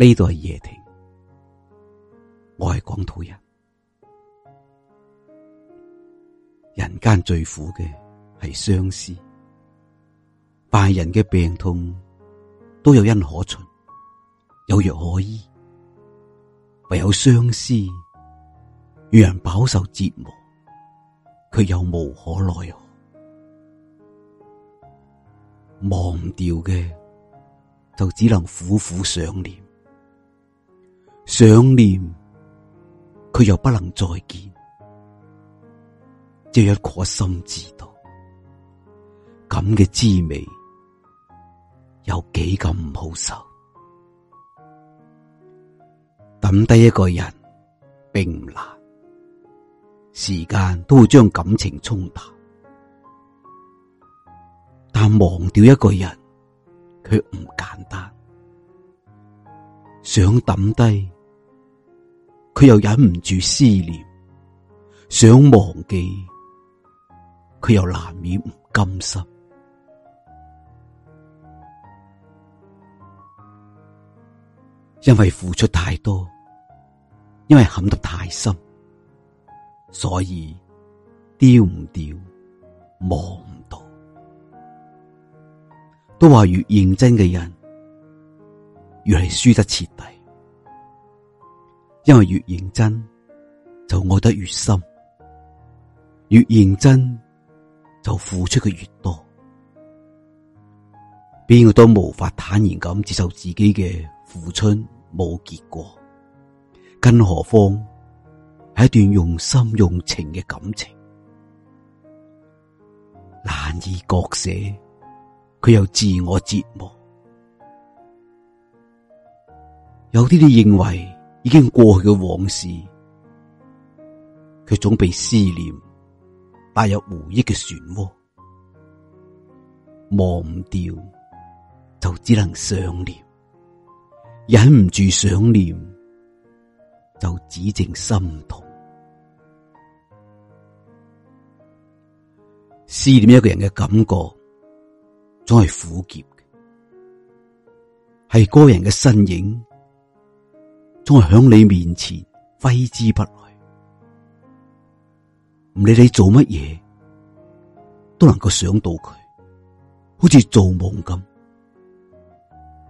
呢度係夜亭，我係廣土人。人間最苦嘅係相思，凡人嘅病痛都有因可循，有藥可醫。唯有相思，讓人飽受折磨，卻又無可奈何。忘掉嘅，就只能苦苦想念。想念佢又不能再見，只有一顆心知道，咁嘅滋味有幾咁唔好受。抌低一個人並唔難，時間都會將感情沖淡，但忘掉一個人卻唔簡單，想抌低，佢又忍唔住思念，想忘記，佢又難免唔甘心，因為付出太多，因為陷得太深，所以丟唔掉，忘唔到，都話越認真嘅人，越係輸得徹底。因為越認真就愛得越深，越認真就付出嘅越多。邊個都無法坦然咁接受自己嘅付出冇結果，更何況係一段用心用情嘅感情，難以割捨，佢又自我折磨。有啲你認為。已經過去嘅往事，佢總被思念帶入回憶嘅漩渦，忘唔掉就只能想念，忍唔住想念就只剩心痛。思念一個人嘅感覺，總係苦澀嘅，係個人嘅身影。仲係響你面前揮之不去，唔理你做乜嘢都能夠想到佢，好似做夢咁。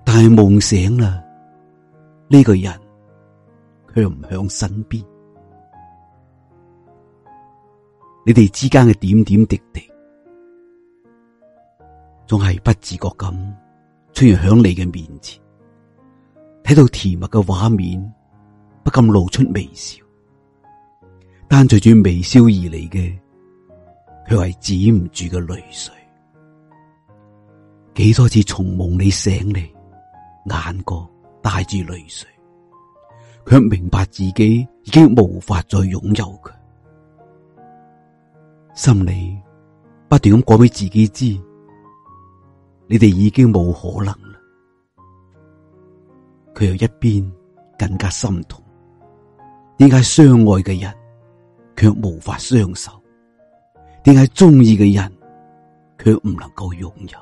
但係夢醒啦，呢個人佢又唔響身邊。你哋之間嘅點點滴滴，仲係不自覺咁出現響你嘅面前。睇到甜蜜嘅畫面，不禁露出微笑。但隨住微笑而嚟嘅，佢係止唔住嘅淚水。幾多次從夢裏醒嚟，眼角帶住淚水，卻明白自己已經無法再擁有佢。心裏不斷咁講俾自己知，你哋已經冇可能。佢又一邊更加心痛，點解相愛嘅人卻無法相守？點解中意嘅人卻唔能夠擁有？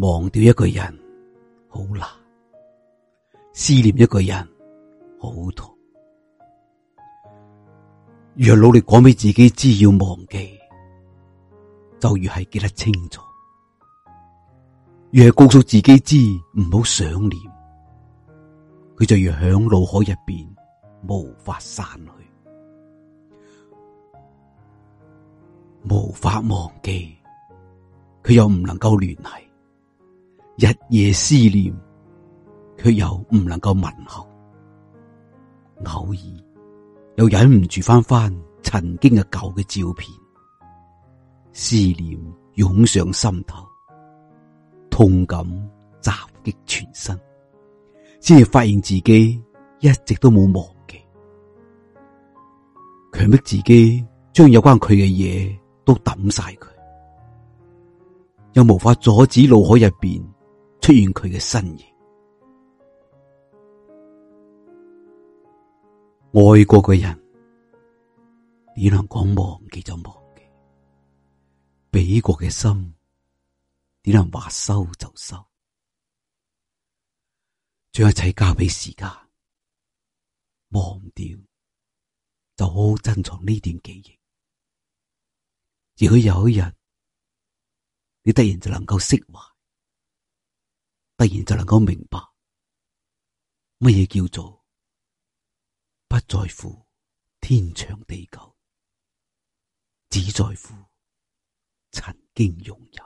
忘掉一個人好難，思念一個人好痛。越努力講俾自己知要忘記，就越係記得清楚。若告訴自己知唔好想念，佢就越響腦海入邊無法散去，無法忘記，佢又唔能夠聯繫，日夜思念，佢又唔能夠問候，偶爾又忍唔住翻翻曾經嘅舊嘅照片，思念湧上心頭。痛感襲擊全身，先至發現自己一直都冇忘記，強迫自己將有關佢嘅嘢都抌晒佢，又無法阻止腦海入邊出現佢嘅身影。愛過嘅人，只能講忘記就忘記，畀過嘅心。只能話收就收，將一切交俾時間，忘掉就好好珍藏呢段記憶。如果有一日，你突然就能夠釋懷，突然就能夠明白乜嘢叫做不在乎天長地久，只在乎曾經擁有。